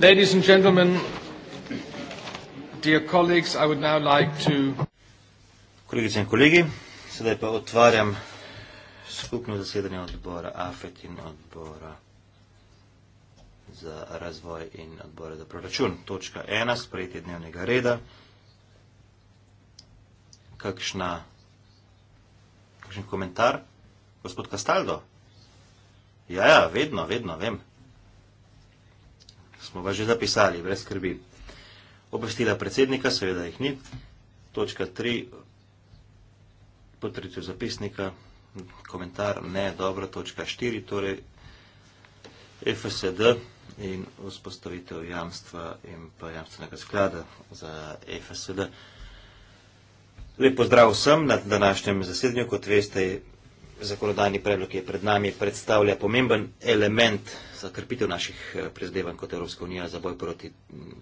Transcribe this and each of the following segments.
Ladies and gentlemen, dear colleagues, I would now like to... Kolegice in kolegi, sedaj pa otvarjam skupno zasedanje odbora AFET in odbora za razvoj in odbora za proračun. Točka ena, sprejetje dnevnega reda. Kakšna, kakšen komentar? Gospod Kastaldo? Kastaldo? Ja, ja, vedno, vedno, vem. Smo pa že zapisali, brez skrbi. Obvestila predsednika, seveda jih ni. Točka tri, potretju zapisnika, komentar, ne, dobro, točka štiri, torej FSD in vzpostavitev jamstva in pa jamstvenega sklada za FSD. Lep pozdrav vsem na današnjem zasednju, kot veste, zakonodajni predlog, ki je pred nami, predstavlja pomemben element za krpitev naših eh, prizadevanj kot Evropska unija za boj proti mm,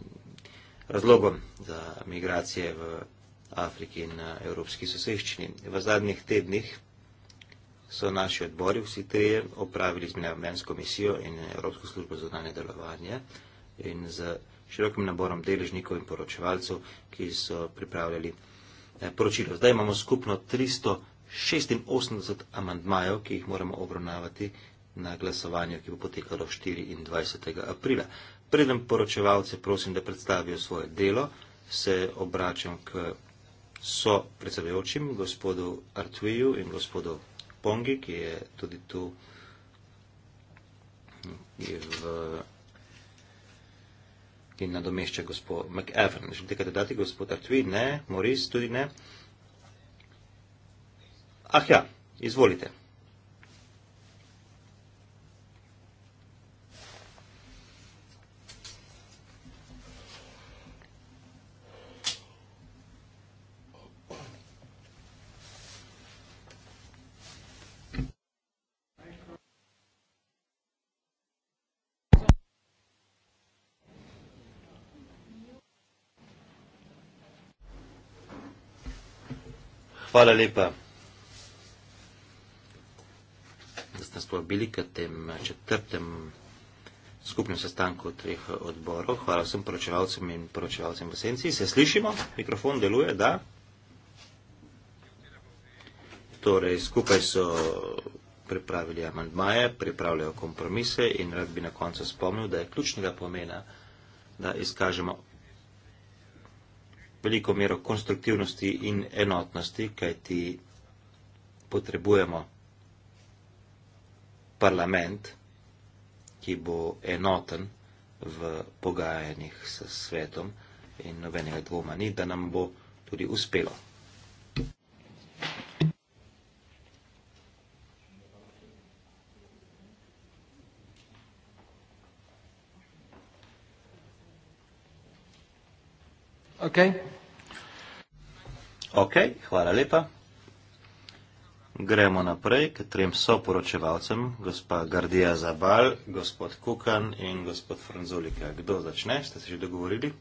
razlogom za migracije v Afriki in na eh, evropski soseščini. V zadnjih tednih so naši odbori, vsi trije, opravili z mnenj s komisijo in Evropsko službo za zunanje delovanje in z širokim naborom deležnikov in poročevalcev, ki so pripravljali eh, poročilo. Zdaj imamo skupno 300 86 amantmajev, ki jih moramo obravnavati na glasovanju, ki bo potekalo 24. aprila. Preden poročevalce prosim, da predstavijo svoje delo, se obračam k so predsedujočim, gospodu Artuiju in gospodu Pongi, ki je tudi tu v, in nadomešča gospod McEvern. Želite kaj dodati, gospod Artui? Ne. Moris tudi ne. Uh, Ah ja, izvolite. Hvala lepa. povabili k tem četrtem skupnem sestanku treh odborov. Hvala vsem poročevalcem in poročevalcem v senci. Se slišimo? Mikrofon deluje, da? Torej, skupaj so pripravili amandmaje, pripravljajo kompromise in rad bi na koncu spomnil, da je ključnega pomena, da izkažemo veliko mero konstruktivnosti in enotnosti, kaj ti potrebujemo parlament, ki bo enoten v pogajanjih s svetom in nobenega dvoma ni, da nam bo tudi uspelo. Okay. Okay, hvala lepa. Gremo naprej k trem soporočevalcem, gospa Gardija Zabal, gospod Kukan in gospod Franzulika. Kdo začne? Ste se že dogovorili?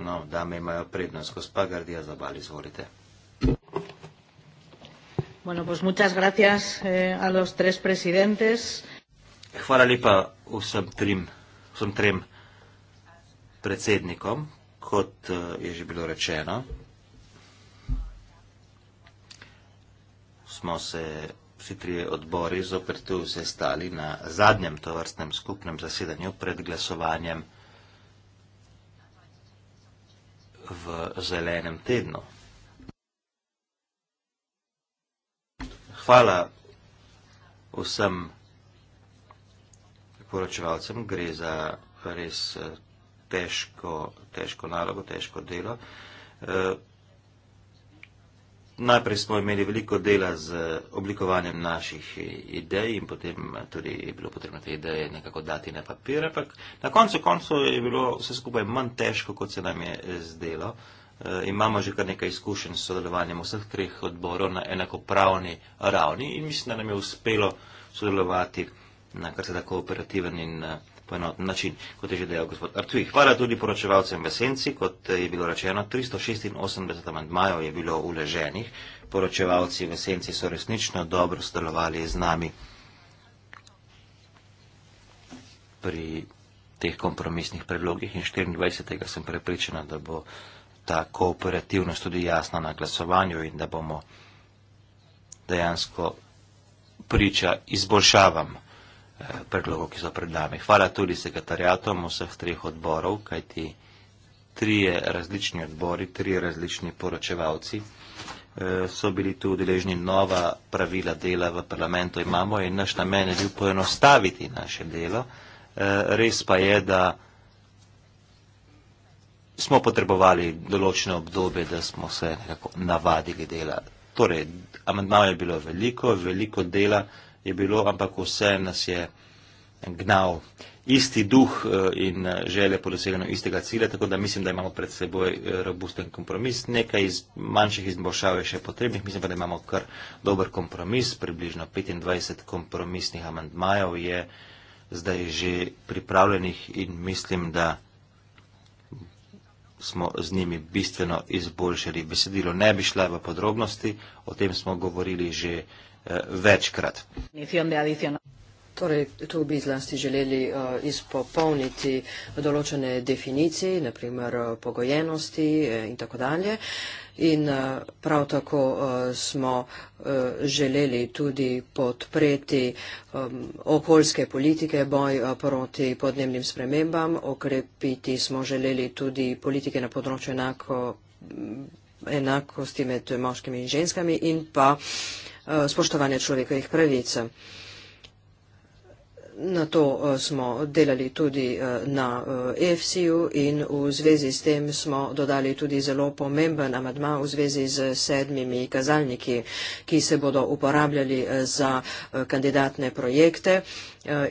No, dame imajo prednost. Gospa Gardija Zabal, izvolite. Bueno, pues muchas gracias eh, a los tres presidentes. Hvala lepa vsem trim, vsem trem predsednikom, kot eh, je že bilo rečeno, smo se vsi tri odbori zoprti vse stali na zadnjem tovrstnem skupnem zasedanju pred glasovanjem v zelenem tednu. Hvala vsem poročevalcem, gre za res eh, težko, težko nalogo, težko delo. Uh, najprej smo imeli veliko dela z oblikovanjem naših idej in potem tudi je bilo potrebno te ideje nekako dati na papir, ampak na koncu koncu je bilo vse skupaj manj težko, kot se nam je eh, zdelo. E, imamo že kar nekaj izkušenj s sodelovanjem vseh treh odborov na enakopravni ravni in mislim, da nam je uspelo sodelovati na kar se tako operativen in. Uh, poenoten način, kot je že dejal gospod Artuji. Hvala tudi poročevalcem v Senci, kot je bilo rečeno, 386 amandmajev je bilo uleženih. Poročevalci v Senci so resnično dobro sodelovali z nami pri teh kompromisnih predlogih in 24. sem prepričana, da bo ta kooperativnost tudi jasna na glasovanju in da bomo dejansko priča izboljšavam predlogov, ki so pred nami. Hvala tudi sekretarjatom vseh treh odborov, kajti trije različni odbori, trije različni poročevalci eh, so bili tu udeleženi nova pravila dela v parlamentu imamo in naš namen je bil poenostaviti naše delo. Eh, res pa je, da smo potrebovali določene obdobje, da smo se nekako navadili dela. Torej, amandmanov je bilo veliko, veliko dela je bilo, ampak vse nas je gnal isti duh eh, in eh, želje po doseganju istega cilja, tako da mislim, da imamo pred seboj eh, robusten kompromis. Nekaj iz manjših izboljšav je še potrebnih, mislim pa, da imamo kar dober kompromis, približno 25 kompromisnih amandmajev je zdaj že pripravljenih in mislim, da smo z njimi bistveno izboljšali besedilo. Ne bi šla v podrobnosti, o tem smo govorili že vsega, Eh, večkrat. Torej, tu bi zlasti želeli uh, izpopolniti določene definicije, naprimer uh, eh, pogojenosti uh, in tako dalje. In uh, prav tako uh, smo uh, želeli tudi podpreti um, okoljske politike, boj uh, proti podnebnim spremembam, okrepiti smo želeli tudi politike na področju enako, mm, enakosti med moškimi in ženskami in pa. Uh, Eh, spoštovanja človekovih pravic. Na to eh, smo delali tudi eh, na EFSI-ju in v zvezi s tem smo dodali tudi zelo pomemben amadma v zvezi z sedmimi kazalniki, ki se bodo uporabljali za kandidatne projekte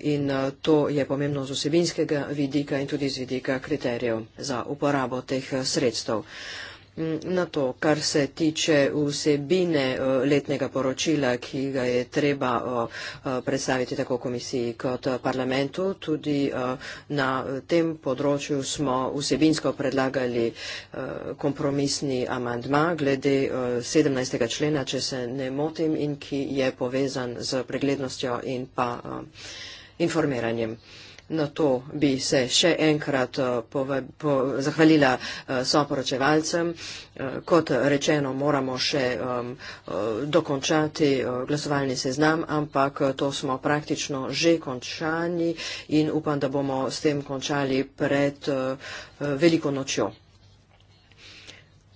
in to je pomembno z osebinskega vidika in tudi z vidika kriterijev za uporabo teh sredstev. Na to, kar se tiče vsebine eh, letnega poročila, ki ga je treba eh, eh, predstaviti tako komisiji kot parlamentu, tudi na tem področju smo vsebinsko predlagali kompromisni amandma glede 17. člena, če se ne motim, in ki je povezan z preglednostjo in pa informiranjem. Na to bi se še enkrat eh, pove, po, zahvalila eh, soporočevalcem. Eh, kot rečeno, moramo še um, dokončati glasovalni seznam, ampak to smo praktično že končani in upam, da bomo s tem končali pred uh, veliko nočjo.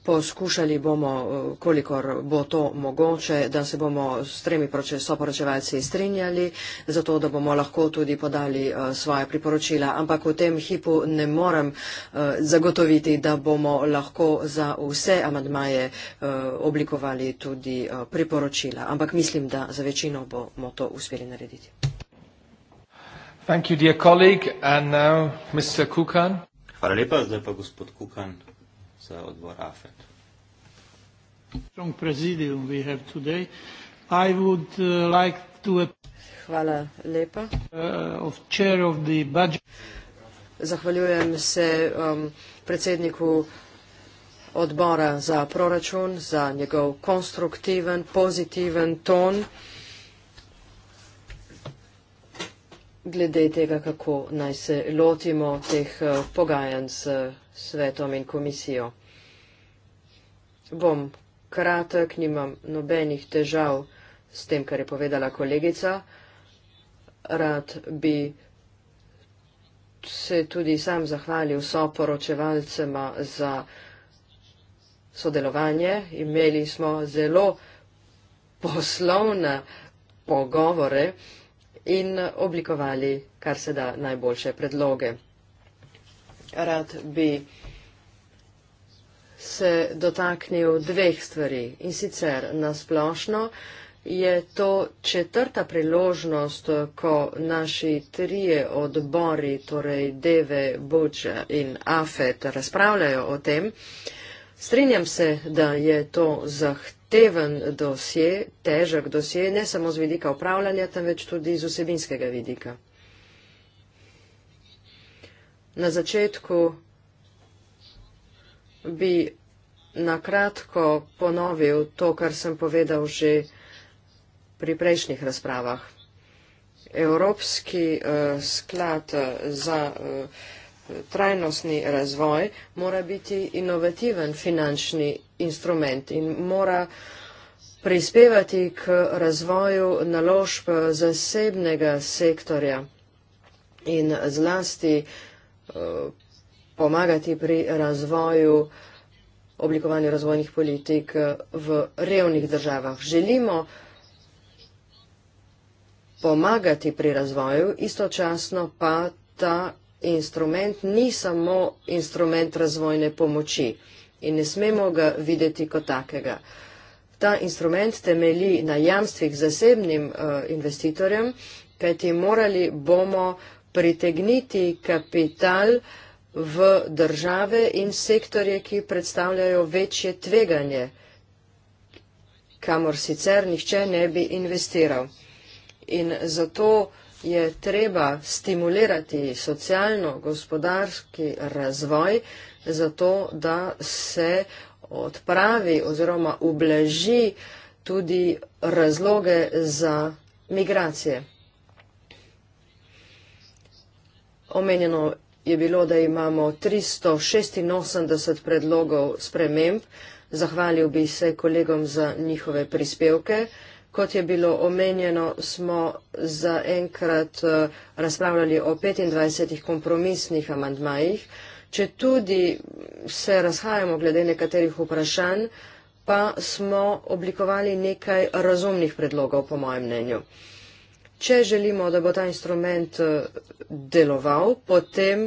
Poskušali bomo, eh, kolikor bo to mogoče, da se bomo s tremi soporočevalci strinjali, zato da bomo lahko tudi podali eh, svoje priporočila. Ampak v tem hipu ne morem eh, zagotoviti, da bomo lahko za vse amadmaje oblikovali tudi priporočila. Ampak mislim, da za večino bomo to uspeli narediti. Hvala lepa, zdaj pa gospod Kukan za odbor AFET. Uh, Hvala lepa. Uh, Zahvaljujem se um, predsedniku odbora za proračun za njegov konstruktiven, pozitiven ton glede tega, kako naj se lotimo teh uh, pogajanj s svetom in komisijo bom kratek, nimam nobenih težav s tem, kar je povedala kolegica. Rad bi se tudi sam zahvalil so poročevalcema za sodelovanje. Imeli smo zelo poslovne pogovore in oblikovali kar se da najboljše predloge. Rad bi se dotaknil dveh stvari in sicer nasplošno je to četrta priložnost, ko naši trije odbori, torej Deve, Buč in Afet, razpravljajo o tem. Strinjam se, da je to zahteven dosje, težek dosje, ne samo z vidika upravljanja, temveč tudi z vsebinskega vidika. Na začetku bi nakratko ponovil to, kar sem povedal že pri prejšnjih razpravah. Evropski uh, sklad eh, za uh, trajnostni razvoj mora biti inovativen finančni instrument in mora prispevati k razvoju naložb zasebnega sektorja in zlasti uh, pomagati pri razvoju, oblikovanju razvojnih politik eh, v revnih državah. Želimo pomagati pri razvoju, istočasno pa ta instrument ni samo instrument razvojne pomoči in ne smemo ga videti kot takega. Ta instrument temelji na jamstvih zasebnim uh, investitorjem, kajti morali bomo pritegniti kapital uh, v države in sektorje, ki predstavljajo večje tveganje, kamor sicer nihče ne bi investiral. In zato je treba stimulirati socialno-gospodarski razvoj, zato da se odpravi oziroma ublaži tudi razloge za migracije. Omenjeno je bilo, da imamo 386 predlogov sprememb. Zahvalil bi se kolegom za njihove prispevke. Kot je bilo omenjeno, smo zaenkrat eh, razpravljali o 25 kompromisnih amandmajih. Če tudi se razhajamo glede nekaterih vprašanj, pa smo oblikovali nekaj razumnih predlogov, po mojem mnenju če želimo, da bo ta instrument eh, deloval, potem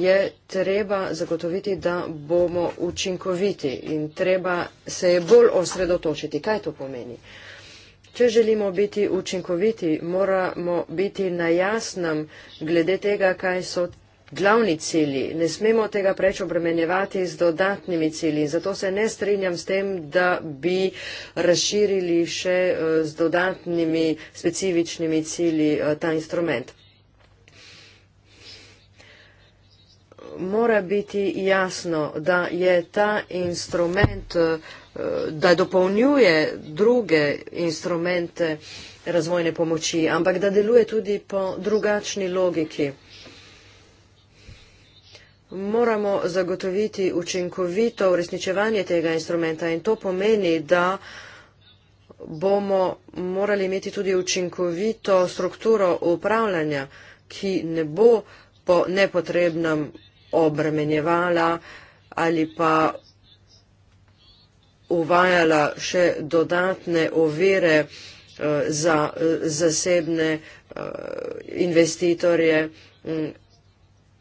je treba zagotoviti, da bomo učinkoviti in treba se je bolj osredotočiti. Kaj to pomeni? Če želimo biti učinkoviti, moramo biti na jasnem glede tega, kaj so glavni cilji. Ne smemo tega preč obremenjevati z dodatnimi cilji. Zato se ne strinjam s tem, da bi razširili še eh, z dodatnimi specifičnimi cilji eh, ta instrument. Mora biti jasno, da je ta instrument, eh, da dopolnjuje druge instrumente razvojne pomoči, ampak da deluje tudi po drugačni logiki. Moramo zagotoviti učinkovito uresničevanje tega instrumenta in to pomeni, da bomo morali imeti tudi učinkovito strukturo upravljanja, ki ne bo po nepotrebnem obremenjevala ali pa uvajala še dodatne ovire eh, za eh, zasebne eh, investitorje, mm,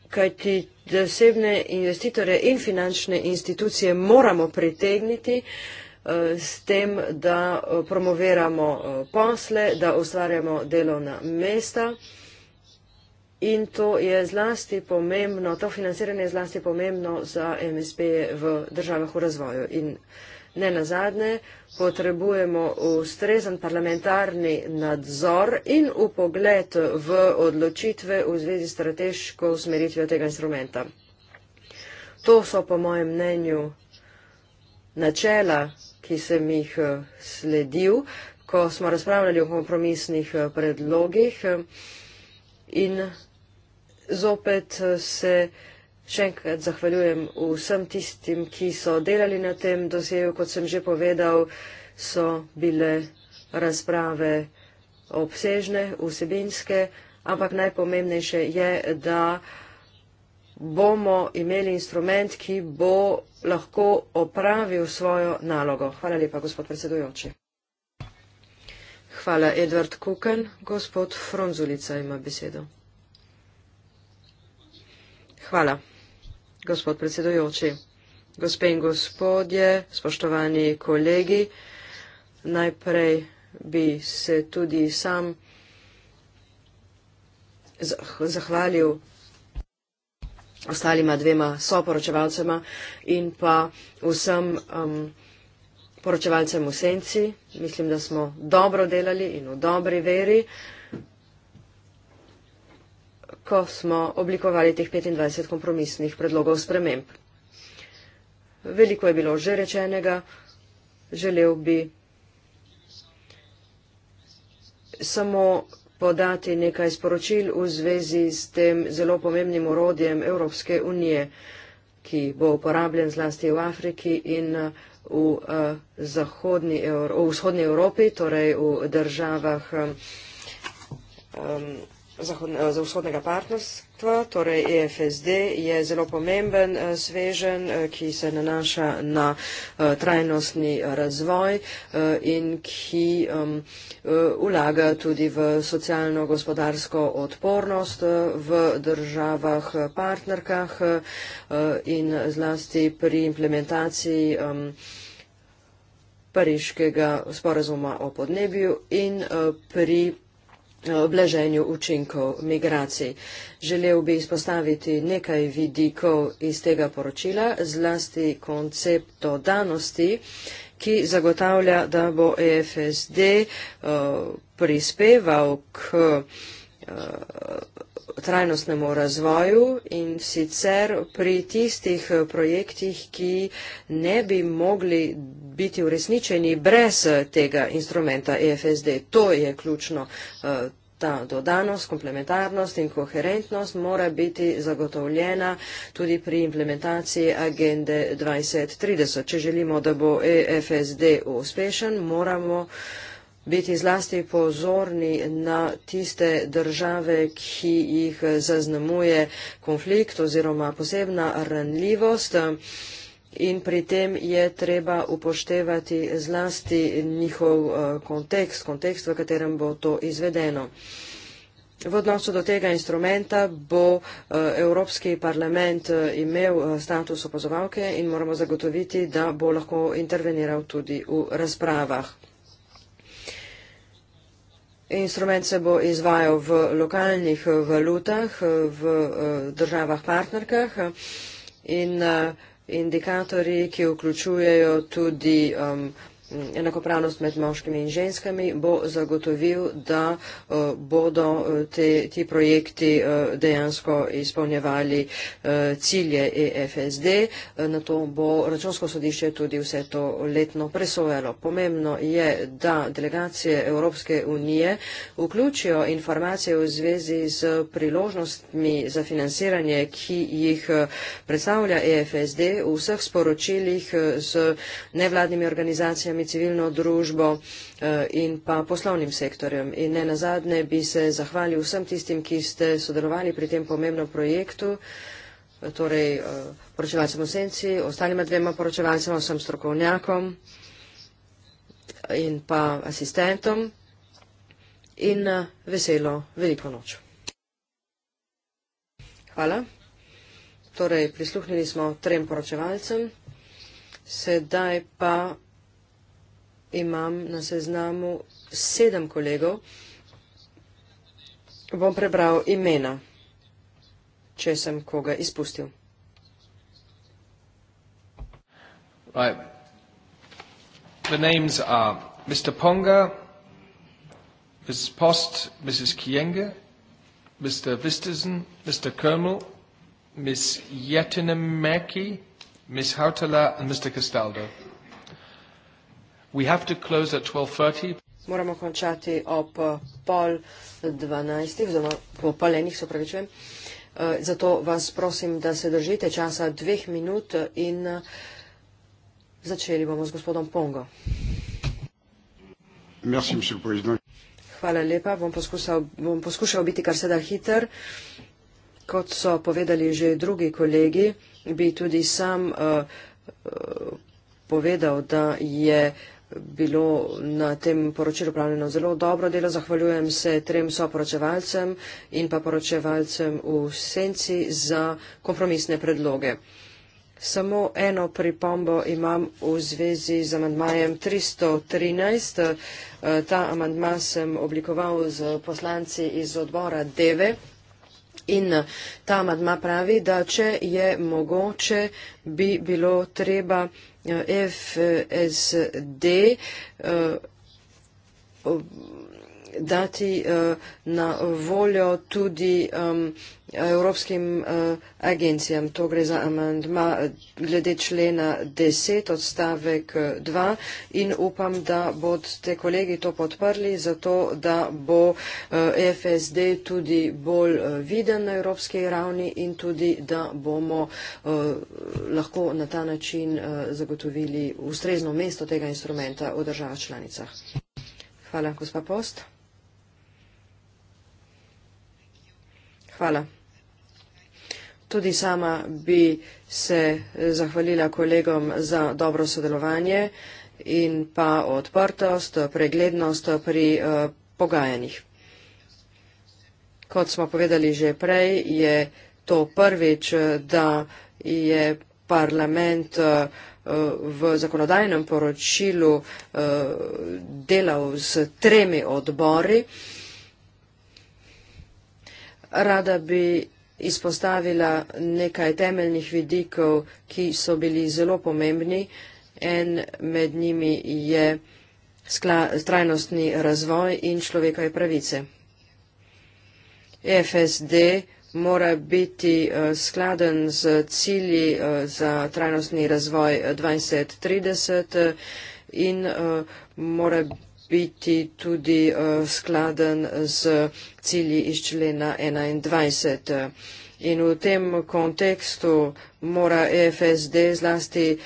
kajti zasebne investitore in finančne institucije moramo pritegniti eh, s tem, da eh, promoviramo eh, posle, da ustvarjamo delovna mesta. In to je zlasti pomembno, to financiranje je zlasti pomembno za MSP-je v državah v razvoju. In Ne na zadnje, potrebujemo ustrezen parlamentarni nadzor in upogled v odločitve v zvezi s strateško usmeritvijo tega instrumenta. To so po mojem mnenju načela, ki sem jih eh, sledil, ko smo razpravljali o kompromisnih eh, predlogih eh, in zopet se. Še enkrat zahvaljujem vsem tistim, ki so delali na tem dosegu. Kot sem že povedal, so bile razprave obsežne, vsebinske, ampak najpomembnejše je, da bomo imeli instrument, ki bo lahko opravil svojo nalogo. Hvala lepa, gospod predsedujoči. Hvala, Edvard Kuken. Gospod Fronzulica ima besedo. Hvala. Gospod predsedujoči, gospe in gospodje, spoštovani kolegi, najprej bi se tudi sam zahvalil ostalima dvema soporočevalcema in pa vsem um, poročevalcem v senci. Mislim, da smo dobro delali in v dobri veri. Uh, ko smo oblikovali teh 25 kompromisnih predlogov sprememb. Veliko je bilo že rečenega, želel bi samo podati nekaj sporočil v zvezi s tem zelo pomembnim urodjem Evropske unije, ki bo uporabljen zlasti v Afriki in uh, v, uh, zahodni, v vzhodni Evropi, torej v državah. Um, um Eh, za vzhodnega partnerstva, torej EFSD, je zelo pomemben eh, svežen, eh, ki se nanaša na trajnostni razvoj in ki um, vlaga tudi v socialno-gospodarsko odpornost v državah partnerkah in zlasti pri implementaciji um, pariškega sporazuma o podnebju in pri obleženju učinkov migracij. Želel bi izpostaviti nekaj vidikov iz tega poročila, zlasti koncept dodanosti, ki zagotavlja, da bo EFSD uh, eh, prispeval k uh, trajnostnemu razvoju in sicer pri tistih eh, projektih, ki ne bi mogli biti uresničeni brez eh, tega instrumenta EFSD. To je ključno. Eh, ta dodanost, komplementarnost in koherentnost mora biti zagotovljena tudi pri implementaciji agende 2030. Če želimo, da bo EFSD uspešen, moramo biti zlasti pozorni na tiste države, ki jih zaznamuje konflikt oziroma posebna ranljivost. In pri tem je treba upoštevati zlasti njihov eh, kontekst, kontekst, v katerem bo to izvedeno. V odnosu do tega instrumenta bo eh, Evropski parlament eh, imel status opozovalke in moramo zagotoviti, da bo lahko interveniral tudi v razpravah instrument se bo izvajal v lokalnih eh, valutah, eh, v eh, državah partnerkah in indikatorji, ki vključujejo tudi um, Mm, enakopravnost med moškimi in ženskami, bo zagotovil, da eh, bodo eh, te, ti projekti eh, dejansko izpolnjevali cilje EFSD. Na to bo računsko sodišče tudi vse to letno presojalo. Pomembno je, da delegacije Evropske unije vključijo informacije v zvezi z priložnostmi za financiranje, ki jih predstavlja EFSD v vseh sporočilih z nevladnimi organizacijami, organizacijami civilno družbo eh, in pa poslovnim sektorjem. In ne nazadnje bi se zahvalil vsem tistim, ki ste sodelovali pri tem pomembnem projektu, eh, torej eh, poročevalcem v senci, ostalima dvema poročevalcem, vsem strokovnjakom in pa asistentom in veselo veliko noč. Hvala. Torej, prisluhnili smo trem poročevalcem, sedaj pa imam na seznamu sedem kolegov. Bom prebral imena, če sem koga izpustil. Right. The names are Mr. Ponga, Mrs. Post, Mrs. Kienge, Mr. Vistesen, Mr. Kermel, Miss Yetinemeki, Miss Hautala and Mr. Castaldo. Moramo končati ob pol dvanajstih, oziroma po pol enih, se pravičujem. Eh, zato vas prosim, da se držite časa dveh minut in eh, začeli bomo z gospodom Pongo. Hvala lepa. Bom, poskusal, bom poskušal biti kar se da hiter. Kot so povedali že drugi kolegi, bi tudi sam uh, uh, povedal, da je uh, bilo na tem poročilu upravljeno zelo dobro delo. Zahvaljujem se trem soporočevalcem in pa poročevalcem v senci za kompromisne predloge. Samo eno pripombo imam v zvezi z amandmajem 313. Eh, ta amandma sem oblikoval z poslanci iz odbora Deve. In ta amadma pravi, da če je mogoče, bi bilo treba FSD uh, eh, dati eh, na voljo tudi evropskim eh, agencijam. To gre za amandma eh, glede člena 10 odstavek 2 in upam, da bodste kolegi to podprli, zato da bo FSD tudi bolj viden na evropski ravni in tudi, da bomo lahko na ta način zagotovili ustrezno mesto tega instrumenta v državah članicah. Hvala, gospa Post. Hvala. Tudi sama bi se eh, zahvalila kolegom za dobro sodelovanje in pa odprtost, preglednost pri eh, pogajanjih. Kot smo povedali že prej, je to prvič, da je parlament eh, v zakonodajnem poročilu delal s tremi odbori. Rada bi izpostavila nekaj temeljnih vidikov, ki so bili zelo pomembni. En med njimi je trajnostni razvoj in človekove pravice. E FSD mora biti eh, skladen z cilji eh, za trajnostni razvoj 2030 eh, in mora biti biti tudi eh, skladen z cilji iz člena 21. In v tem kontekstu mora EFSD zlasti eh,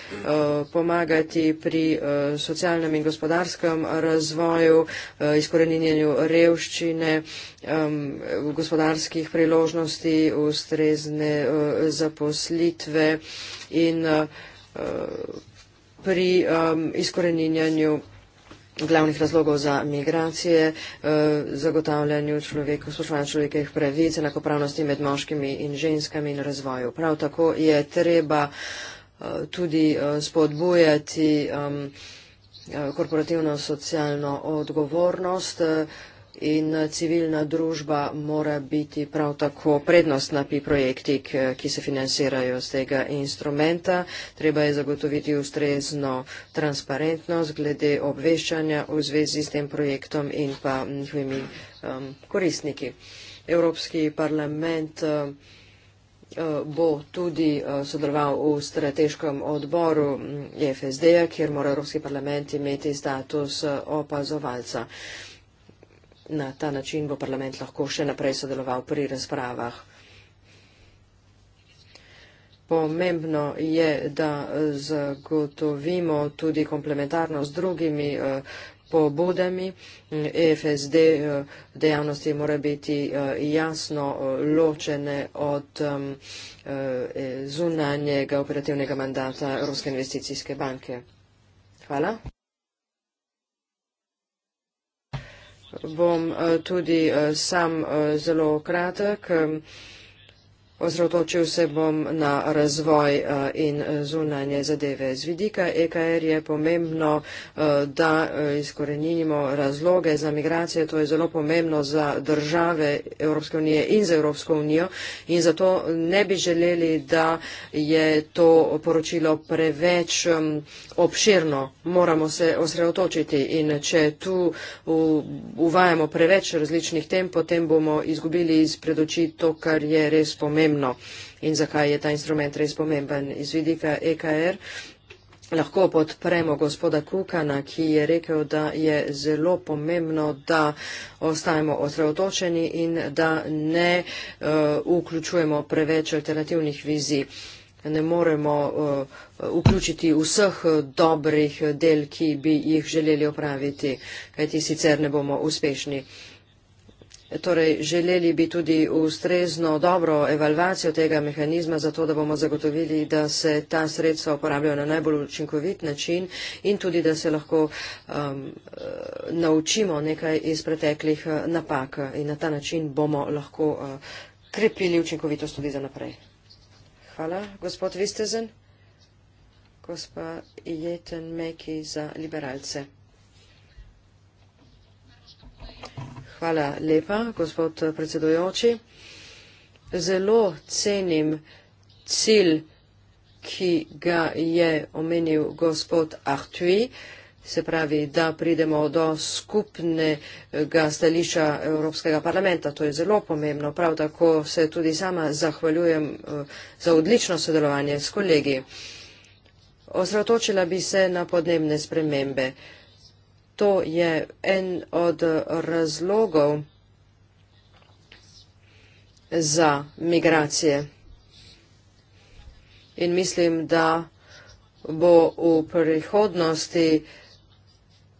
pomagati pri eh, socialnem in gospodarskem razvoju, izkoreninjenju revščine, gospodarskih priložnosti, ustrezne zaposlitve in pri izkoreninjenju revščine glavnih razlogov za migracije, eh, zagotavljanju človek, spoštovanja človekovih pravic, enakopravnosti med moškimi in ženskami in razvoju. Prav tako je treba eh, tudi eh, spodbujati korporativno socialno odgovornost in eh, civilna družba mora biti prav tako prednostna pri projektih, eh, ki se financirajo z tega instrumenta. Treba je zagotoviti ustrezno transparentnost glede obveščanja v zvezi s tem projektom in pa njihovimi um, koristniki. Evropski parlament eh, bo tudi sodeloval v strateškem odboru EFSD-ja, mm, kjer mora Evropski parlament imeti status opazovalca. Na ta način bo parlament lahko še naprej sodeloval pri razpravah. Pomembno je, da zagotovimo tudi komplementarno z drugimi eh, pobudami. EFSD eh, dejavnosti mora biti eh, jasno ločene od zunanjega operativnega mandata Ruske investicijske banke. Hvala. Bom eh, tudi eh, sam eh, zelo kratek. Osredotočil se bom na razvoj eh, in eh, zunanje zadeve. Z vidika EKR je pomembno, eh, da izkorenimo razloge za migracije. To je zelo pomembno za države Evropske unije in za Evropsko unijo. In zato ne bi želeli, da je to poročilo preveč obširno. Moramo se osredotočiti in če tu uvajamo preveč različnih tem, potem bomo izgubili iz predoči to, kar je res pomembno pomembno in zakaj je ta instrument res pomemben iz vidika EKR. Lahko podpremo gospoda Kukana, ki je rekel, da je zelo pomembno, da ostajamo osredotočeni in da ne uh, vključujemo preveč alternativnih vizij. Ne moremo uh, vključiti vseh dobrih del, ki bi jih želeli opraviti, kajti sicer ne bomo uspešni. Uh, Torej, želeli bi tudi ustrezno dobro evalvacijo tega mehanizma, zato da bomo zagotovili, da se ta sredstva uporabljajo na najbolj učinkovit način in tudi, da se lahko um, eh, naučimo nekaj iz preteklih eh, napak in na ta način bomo lahko uh, krepili učinkovitost tudi za naprej. Hvala, gospod Vistezen, gospa Jeten Meki za liberalce. Hvala lepa, gospod predsedujoči. Zelo cenim cilj, ki ga je omenil gospod Artui, se pravi, da pridemo do skupnega stališča Evropskega parlamenta. To je zelo pomembno. Prav tako se tudi sama zahvaljujem eh, za odlično sodelovanje s kolegi. Osredotočila bi se na podnebne spremembe. To je en od razlogov za migracije. In mislim, da bo v prihodnosti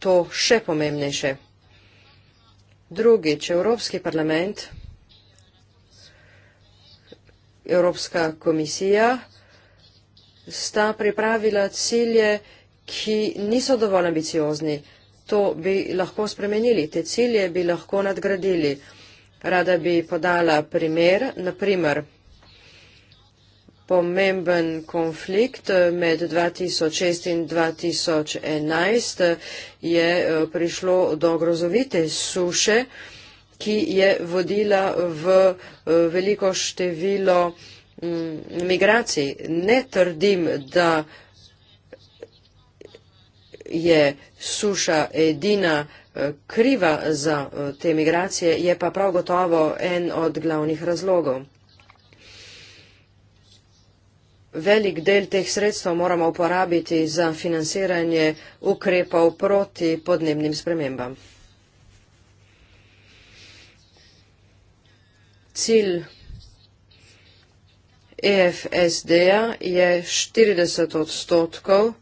to še pomembnejše. Drugič, Evropski parlament, Evropska komisija sta pripravila cilje, ki niso dovolj ambiciozni to bi lahko spremenili, te cilje bi lahko nadgradili. Rada bi podala primer, naprimer, pomemben konflikt med 2006 in 2011 je eh, prišlo do grozovite suše, ki je vodila v eh, veliko število mm, migracij. Ne trdim, da je suša edina eh, kriva za eh, te migracije, je pa prav gotovo en od glavnih razlogov. Velik del teh sredstev moramo uporabiti za financiranje ukrepov proti podnebnim spremembam. Cilj EFSD-a je 40 odstotkov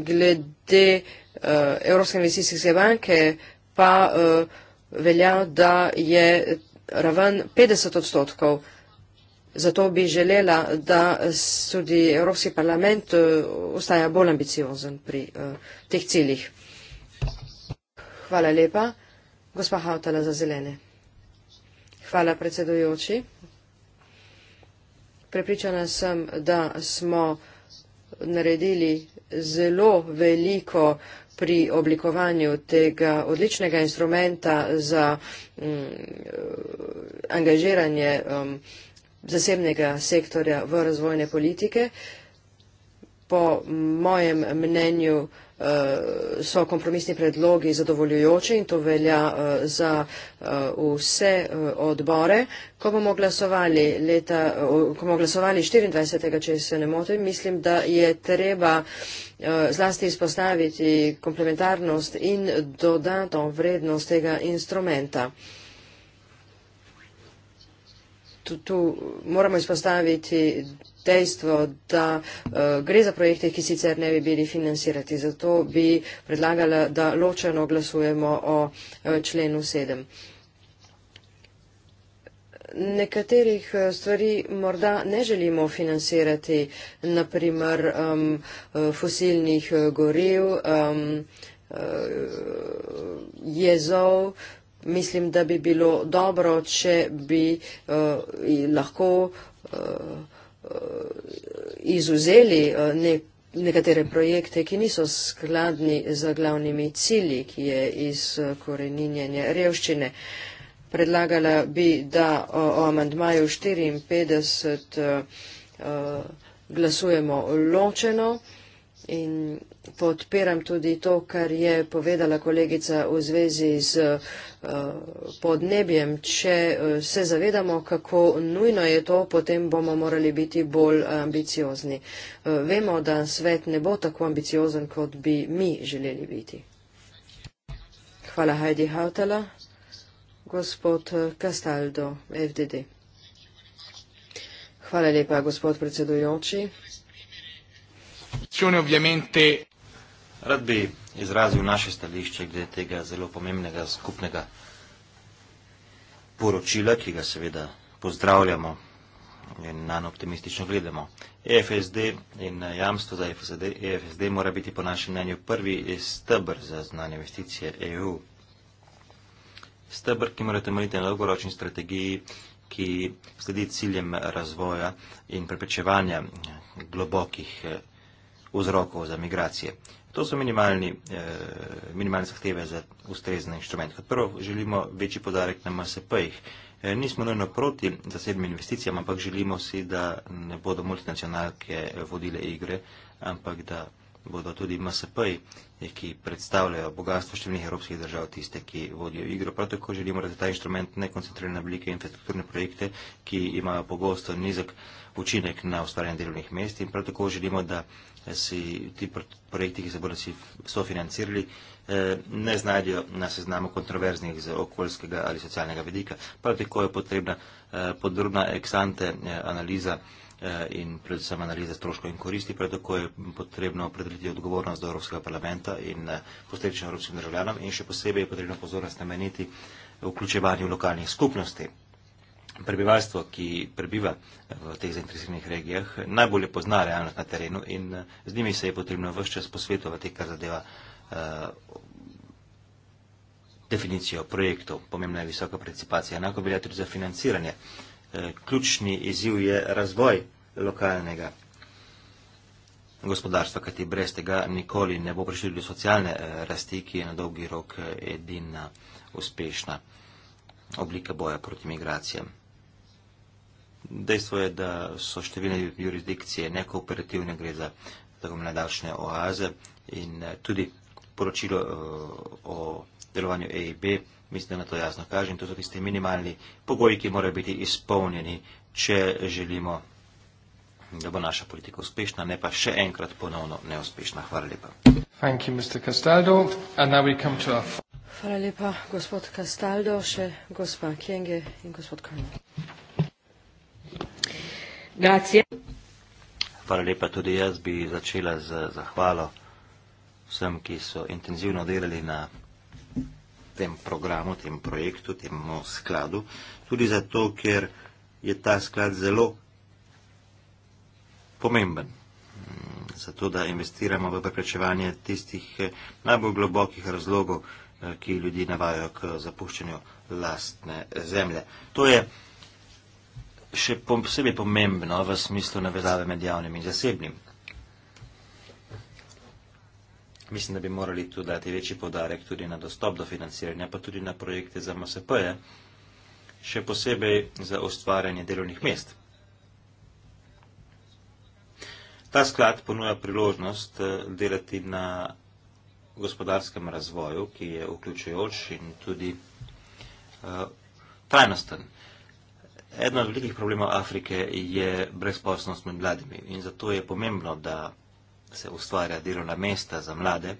glede uh, Evropske investicijske banke pa uh, eh, velja, da je raven 50 odstotkov. Zato bi želela, da tudi Evropski parlament eh, ostaja bolj ambiciozen pri uh, teh ciljih. Hvala lepa, gospa Hautala za zelene. Hvala, predsedujoči. Prepričana sem, da smo naredili zelo veliko pri oblikovanju tega odličnega instrumenta za um, angažiranje um, zasebnega sektorja v razvojne politike. Po mojem mnenju uh, Eh, so kompromisni predlogi zadovoljujoči in to velja eh, za eh, vse odbore. Ko bomo glasovali, leta, ko bomo glasovali 24. če se ne motim, mislim, da je treba zlasti izpostaviti komplementarnost in dodatno vrednost tega instrumenta. Tu, tu moramo izpostaviti dejstvo, da uh, gre za projekte, ki sicer ne bi bili financirati. Zato bi predlagala, da ločeno glasujemo o uh, členu 7. Nekaterih eh, stvari morda ne želimo financirati, naprimer um, fosilnih goriv, um, jezov. Mislim, da bi bilo dobro, če bi uh, lahko. Uh, izuzeli eh, ne, nekatere projekte, ki niso skladni za glavnimi cilji, ki je iz koreninjenja revščine. Predlagala bi, da o, eh, o amandmaju 54 uh, eh, glasujemo ločeno. In podpiram tudi to, kar je povedala kolegica v zvezi z eh, podnebjem. Če eh, se zavedamo, kako nujno je to, potem bomo morali biti bolj ambiciozni. Eh, vemo, da svet ne bo tako ambiciozen, kot bi mi želeli biti. Hvala Heidi Hautala. Gospod Castaldo, FDD. Hvala lepa, gospod predsedujoči selezione ovviamente. Rad bi izrazil naše stališče glede tega zelo pomembnega skupnega poročila, ki ga seveda pozdravljamo in nanj optimistično gledamo. EFSD in jamstvo za EFSD, EFSD mora biti po našem mnenju prvi stebr za znanje investicije EU. Stebr, ki mora temeljiti na dolgoročni strategiji, ki sledi ciljem razvoja in preprečevanja globokih vzrokov za migracije. To so minimalni, eh, minimalne zahteve za ustrezen inštrument. Kot prvo, želimo večji podarek na MSP-jih. Eh, nismo nujno proti zasebnim investicijam, ampak želimo si, da ne bodo multinacionalke vodile igre, ampak da bodo tudi MSP-ji, eh, ki predstavljajo bogatstvo številnih evropskih držav, tiste, ki vodijo igro. Prav tako želimo, da ta inštrument ne koncentrira na oblike infrastrukturne projekte, ki imajo pogosto nizek učinek na ustvarjanje delovnih mest in prav tako želimo, da Eh, si, ti projekti, ki se bodo si sofinancirali, eh, ne znajdijo na seznamu kontroverznih z okoljskega ali socialnega vedika. Prav tako je potrebna eh, podrobna eksante analiza in predvsem analiza stroškov in koristi, prav tako je potrebno opredeliti odgovornost do Evropskega parlamenta in posledično Evropskim državljanom in še posebej je potrebno pozornost nameniti vključevanju lokalnih skupnosti prebivalstvo, ki prebiva v teh zainteresiranih regijah, najbolje pozna realnost na terenu in eh, z njimi se je potrebno vse čas posvetovati, kar zadeva uh, definicijo projektov. Pomembna je visoka participacija. Enako velja tudi za financiranje. Uh, ključni izziv je razvoj lokalnega gospodarstva, kajti brez tega nikoli ne bo prišli do socialne uh, rasti, ki je na dolgi rok edina uspešna oblika boja proti migracijam. Dejstvo je, da so številne jurisdikcije nekooperativne, gre za tako mladačne oaze in eh, tudi poročilo eh, o delovanju EIB, mislim, da na to jasno kažem, to so tisti minimalni pogoji, ki morajo biti izpolnjeni, če želimo, da bo naša politika uspešna, ne pa še enkrat ponovno neuspešna. Hvala lepa. Thank you, Mr. Castaldo. And now we come to our... Hvala lepa, gospod Castaldo, še gospa Kjenge in gospod Kajnik. Grazie. Hvala lepa. Tudi jaz bi začela z zahvalo vsem, ki so intenzivno delali na tem programu, tem projektu, temu skladu. Tudi zato, ker je ta sklad zelo pomemben. Mm, zato, da investiramo v preprečevanje tistih eh, najbolj globokih razlogov, eh, ki ljudi navajajo k zapuščanju lastne zemlje. To je še posebej pomembno v smislu navezave med javnim in zasebnim. Mislim, da bi morali tu dati večji podarek tudi na dostop do financiranja, pa tudi na projekte za MSP-je, še posebej za ustvarjanje delovnih mest. Ta sklad ponuja priložnost eh, delati na gospodarskem razvoju, ki je vključujoč in tudi uh, trajnosten. Uh, Eden od velikih problemov Afrike je brezposobnost med mladimi in zato je pomembno, da se ustvarja delovna mesta za mlade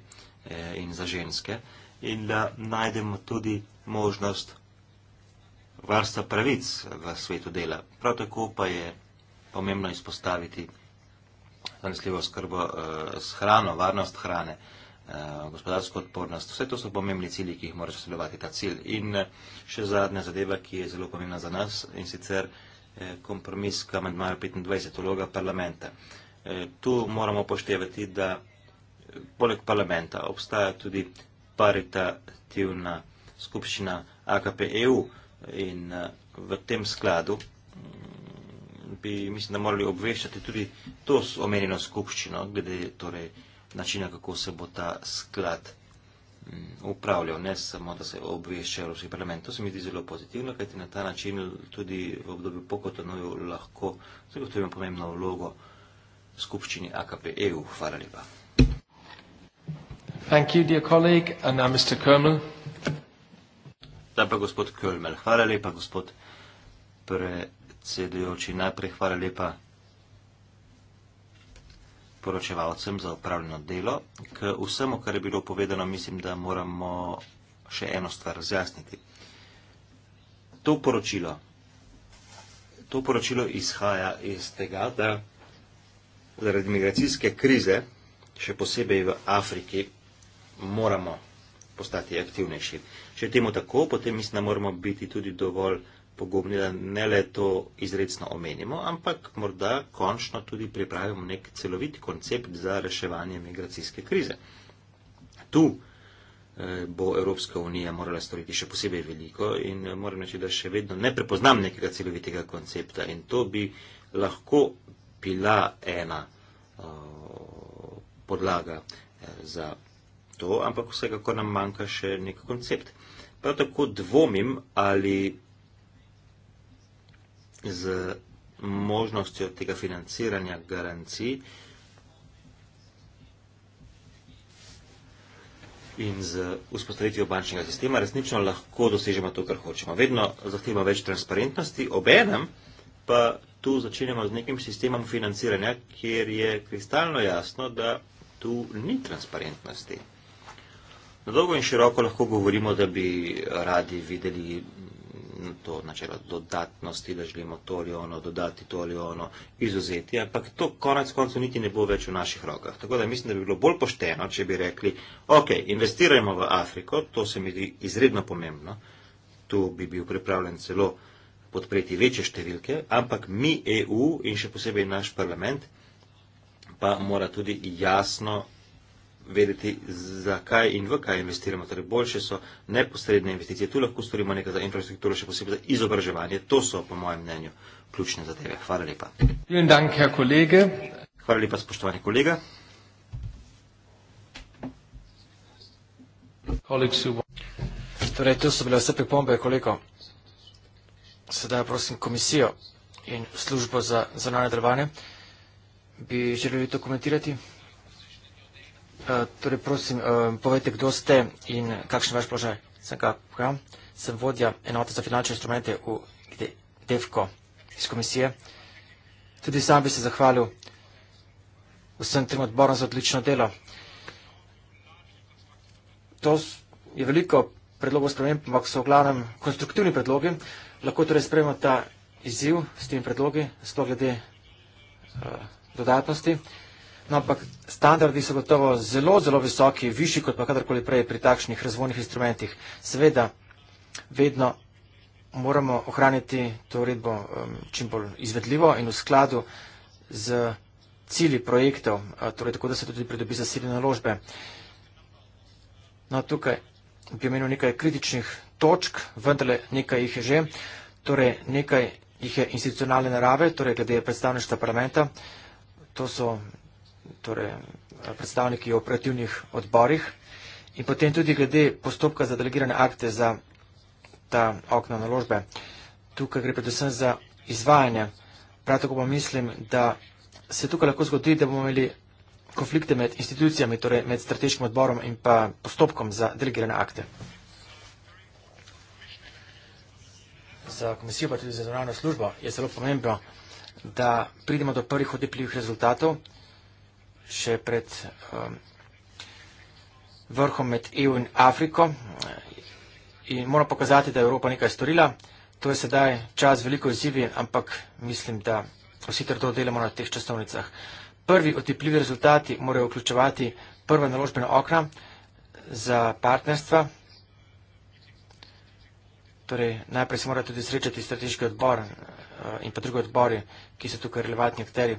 eh, in za ženske in da najdemo tudi možnost varstva pravic v svetu dela. Prav tako pa je pomembno izpostaviti zanesljivo skrbo eh, s hrano, varnost hrane. Eh, gospodarsko odpornost. Vse to so pomembni cilji, ki jih mora sodelovati ta cilj. In eh, še zadnja zadeva, ki je zelo pomembna za nas in sicer eh, kompromis k amandmaju 25, uloga parlamenta. Tu moramo poštevati, da poleg parlamenta obstaja tudi paritativna skupščina AKP EU in v tem skladu mm, bi, mislim, da morali obveščati tudi to omenjeno skupščino, glede torej načina, kako se bo ta sklad mm, upravljal, ne samo, da se obvešča Evropski parlament. To se mi zdi zelo pozitivno, kajti na ta način tudi v obdobju pokotonoju lahko zagotovimo pomembno vlogo skupščini AKP EU. Hvala lepa. Thank you, dear colleague. And now Mr. Kermel. Da pa gospod Kermel. Hvala lepa, gospod predsedujoči. Najprej hvala lepa poročevalcem za upravljeno delo. K vsemu, kar je bilo povedano, mislim, da moramo še eno stvar razjasniti. To poročilo, to poročilo izhaja iz tega, da zaradi migracijske krize, še posebej v Afriki, moramo postati aktivnejši. Če je temu tako, potem mislim, da moramo biti tudi dovolj pogumnila, ne le to izredno omenimo, ampak morda končno tudi pripravimo nek celovit koncept za reševanje migracijske krize. Tu eh, bo Evropska unija morala storiti še posebej veliko in eh, moram reči, da še vedno ne prepoznam nekega celovitega koncepta in to bi lahko bila ena podlaga eh, za to, ampak vsekakor nam manjka še nek koncept. Prav tako dvomim, ali z možnostjo tega financiranja garancij in z vzpostavitvijo bančnega sistema resnično lahko dosežemo to, kar hočemo. Vedno zahtevamo več transparentnosti, obenem pa tu začenjamo z nekim sistemom financiranja, kjer je kristalno jasno, da tu ni transparentnosti. Na dolgo in široko lahko govorimo, da bi radi videli to načelo dodatnosti, da želimo to ali ono, dodati to ali ono, izuzeti, ampak to konec koncev niti ne bo več v naših rokah. Tako da mislim, da bi bilo bolj pošteno, če bi rekli, ok, investirajmo v Afriko, to se mi zdi izredno pomembno, tu bi bil pripravljen celo podpreti večje številke, ampak mi EU in še posebej naš parlament pa mora tudi jasno vedeti, zakaj in v kaj investiramo. Torej, boljše so neposredne investicije. Tu lahko storimo nekaj za infrastrukturo, še posebej za izobraževanje. To so, po mojem mnenju, ključne zadeve. Hvala lepa. Hvala lepa, spoštovani kolega. Torej, to so bile vse pripombe, koliko sedaj prosim komisijo in službo za zanane delovanje. Bi želeli to komentirati? Eh, torej prosim, eh, povejte, kdo ste in kakšen vaš položaj. Sem ga, sem vodja enote za finančne instrumente v DEFCO iz komisije. Tudi sam bi se zahvalil vsem tem odborom za odlično delo. To je veliko predlogov sprememb, ampak so v glavnem konstruktivni predlogi. Lahko torej sprejmemo ta izziv s temi predlogi, sploh glede eh, dodatnosti. No, ampak standardi so gotovo zelo, zelo visoki, višji kot pa kadarkoli prej pri takšnih razvojnih instrumentih. Seveda, vedno moramo ohraniti to uredbo um, čim bolj izvedljivo in v skladu z cili projektov, uh, torej tako, da se tudi pridobi za sile naložbe. No, tukaj bi omenil nekaj kritičnih točk, vendarle nekaj jih je že, torej nekaj jih je institucionalne narave, torej glede predstavništva parlamenta. To so torej, predstavniki v operativnih odborih in potem tudi glede postopka za delegirane akte za ta okna naložbe. Tukaj gre predvsem za izvajanje. Prav tako pa mislim, da se tukaj lahko zgodi, da bomo imeli konflikte med institucijami, torej med strateškim odborom in pa postopkom za delegirane akte. Za komisijo pa tudi za zunanjo službo je zelo pomembno, da pridemo do prvih odepljivih rezultatov še pred um, vrhom med EU in Afriko. In moram pokazati, da je Evropa nekaj storila. To je sedaj čas veliko izzivi, ampak mislim, da vsi trdo delamo na teh časovnicah. Prvi otipljivi rezultati morajo vključevati prva naložbena okna za partnerstva. Torej, najprej se mora tudi srečati strateški odbor uh, in pa drugi odbori, ki so tukaj relevantni akteri.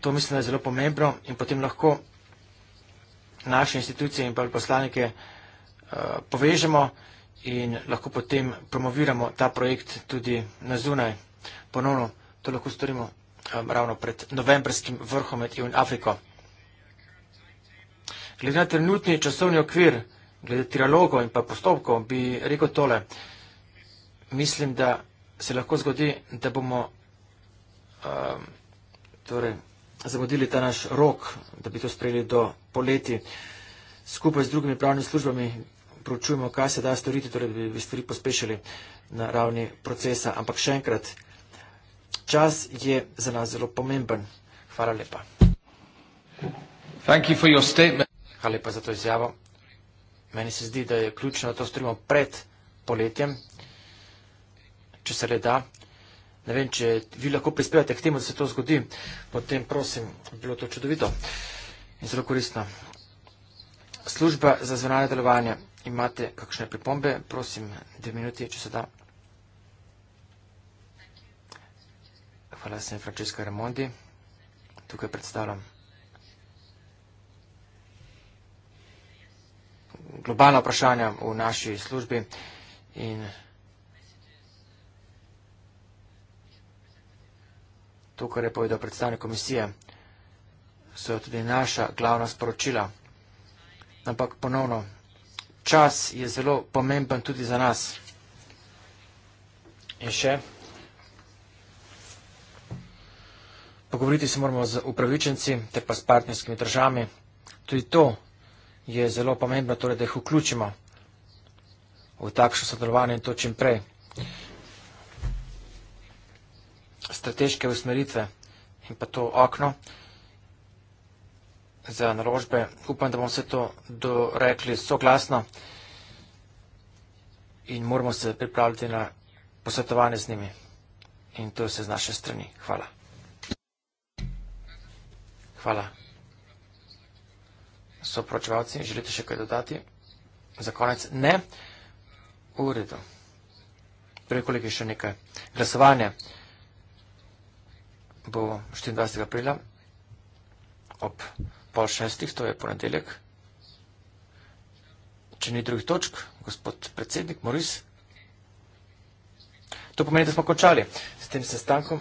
To mislim, da je zelo pomembno in potem lahko naše institucije in pa poslanike eh, povežemo in lahko potem promoviramo ta projekt tudi na zunaj. Ponovno to lahko storimo eh, ravno pred novembrskim vrhom med EU in Afriko. Glede na trenutni časovni okvir, glede trialogov in pa postopkov, bi rekel tole. Mislim, da se lahko zgodi, da bomo eh, torej zamudili ta naš rok, da bi to sprejeli do poleti. Skupaj z drugimi pravnimi službami pročujemo, kaj se da storiti, torej da bi, bi stvari pospešili na ravni procesa. Ampak še enkrat, čas je za nas zelo pomemben. Hvala lepa. Hvala lepa za to izjavo. Meni se zdi, da je ključno, da to storimo pred poletjem, če se le da. Ne vem, če vi lahko prispevate k temu, da se to zgodi, potem prosim, bilo to čudovito in zelo koristno. Služba za zvonanje delovanje. Imate kakšne pripombe? Prosim, dve minuti, če se da. Hvala sem Francesca Ramondi. Tukaj predstavljam. Globalna vprašanja v naši službi in vprašanja. to, kar je povedal predstavnik komisije, so tudi naša glavna sporočila. Ampak ponovno, čas je zelo pomemben tudi za nas. In še, pogovoriti se moramo z upravičenci, te pa s partnerskimi državami. Tudi to je zelo pomembno, torej, da jih vključimo v takšno sodelovanje in to čim prej. strateške usmeritve in pa to okno za naložbe. Upam, da bomo vse to dorekli soglasno in moramo se pripravljati na posvetovanje z njimi. In to je vse z naše strani. Hvala. Hvala. So pročevalci, želite še kaj dodati? Za konec? Ne. V redu. Prej kolik je še nekaj. Glasovanje. Glasovanje bo 24. aprila ob pol šestih, to je ponedeljek. Če ni drugih točk, gospod predsednik Moris. To pomeni, da smo končali s tem sestankom.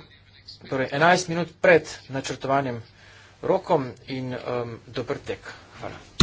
Torej, 11 minut pred načrtovanjem rokom in um, dober tek. Hvala.